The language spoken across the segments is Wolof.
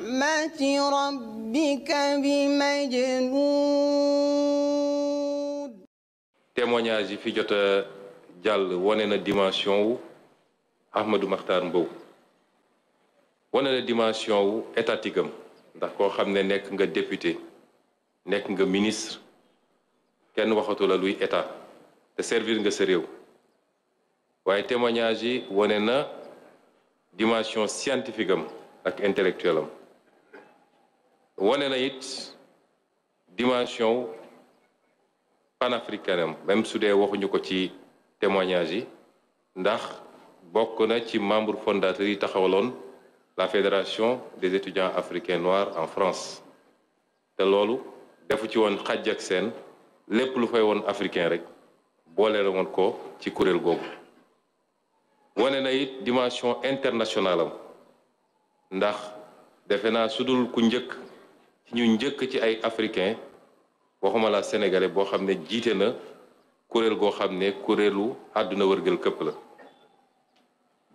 نعمة ربك témoignage yi fi jot jàll wane na dimension wu Ahmadou Makhtar Mbow wane na dimension wu étatique ndax koo xam ne nekk nga député nekk nga ministre kenn waxatula la luy état te servir nga sa réew waaye témoignage yi wane na dimension scientifique am ak intellectuel am wane na it dimension panafricaine am même su dee waxuñu ko ci témoignage yi ndax bokk na ci membre fondateur yi taxawaloon la fédération des étudiants africains noirs en France te loolu defu ci woon xaj ak seen lépp lu fay woon africain rek boole la woon ko ci kuréel googu wane na it dimension internationale am ndax defe naa sudul ku njëkk ñu njëkk ci ay africain waxuma la sénégalais boo xam ne jiite na kuréel goo xam ne kuréelu àdduna wërgël këpp la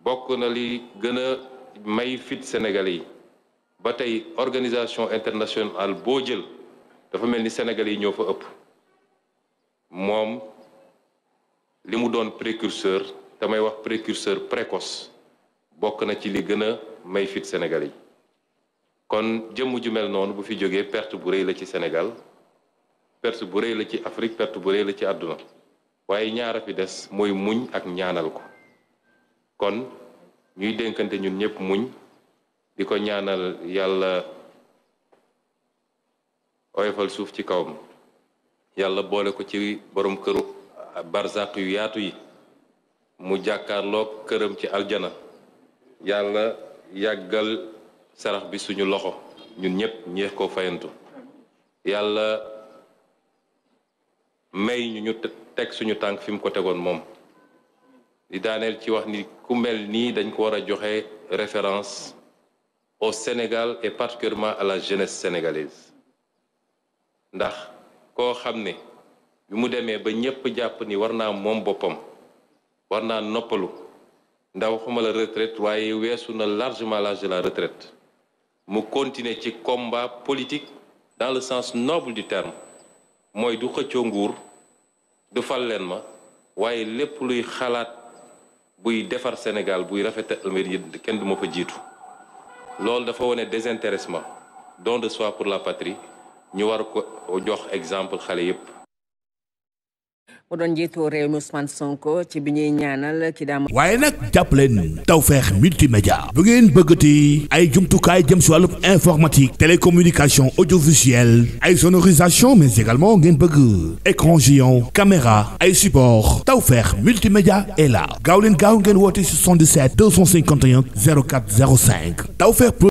bokk na li gën a may fit sénégalais yi ba tey organisation internationale boo jël dafa mel ni sénégalais yi ñoo fa ëpp moom li mu doon précurseur damay wax précurseur précoce bokk na ci li gën a may fit sénégalais yi kon jëmm ju mel noonu bu fi jógee perte bu rëy la ci senegal perte bu rëy la ci Afrique perte bu rëy la ci àdduna waaye ñaara fi des mooy muñ ak ñaanal ko kon ñuy dénkante ñun ñëpp muñ bi ko ñaanal yàlla oyofal suuf ci kawam yàlla boole ko ci borom këru barzaq yu yaatu yi mu jàkkaarloog këram ci aljana yàlla yàggal sarax bi suñu loxo ñun ñëpp ñeex koo fayantu yàlla may ñu ñu teg suñu tànk fi mu ko tegoon moom di daaneel ci wax ni ku mel nii dañ ko war a joxe référence au Sénégal et particulièrement à la jeunesse sénégalaise ndax koo xam ne bi mu demee ba ñépp jàpp ni war naa moom boppam war naa noppalu ndax waxuma la retraite waaye weesu na largement l'âge de la mu continuer ci combat politique dans le sens noble du terme mooy du xëccoo nguur du fal leen ma waaye lépp luy xalaat buy defar Sénégal buy rafetal mbir kenn du ma fa jiitu loolu dafa wone désintéressement don de soi pour la patrie ñu war ko jox exemple xale yépp mu doon njiitu réew mi Ousmane Sonko ci bi ñuy ñaanal ki daam waaye nag jàppaleen Tawfekh multimédia bu ngeen bëggati ay jumtukaay jëm si wàllu informatique télécommunication audiovisuelle ay sonorisation mais également ngeen bëgg écran géant caméra ay support Tawfekh multimédia est la gaaw leen gaaw ngeen woote 77 251 04 05 Tawfekh